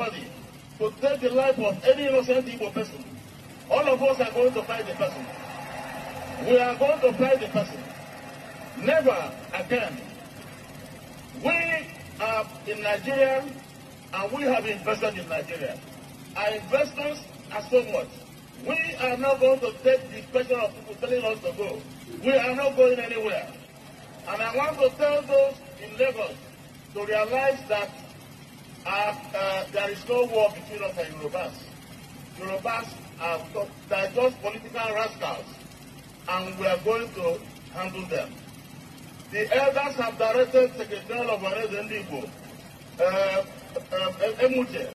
somebody to take the life of any innocent Igbo person. All of us are going to fight the person. We are going to fight the person. Never again. We are in Nigeria and we have invested in Nigeria. Our investments are so much. We are not going to take the pressure of people telling us to go. We are not going anywhere. And I want to tell those in Lagos to realize that after uh, there is no war between us and Yorubas. Yorubas are they just political rascals, and we are going to handle them. The elders have directed Secretary of Warez Ndigo, uh, uh, um, Emuje,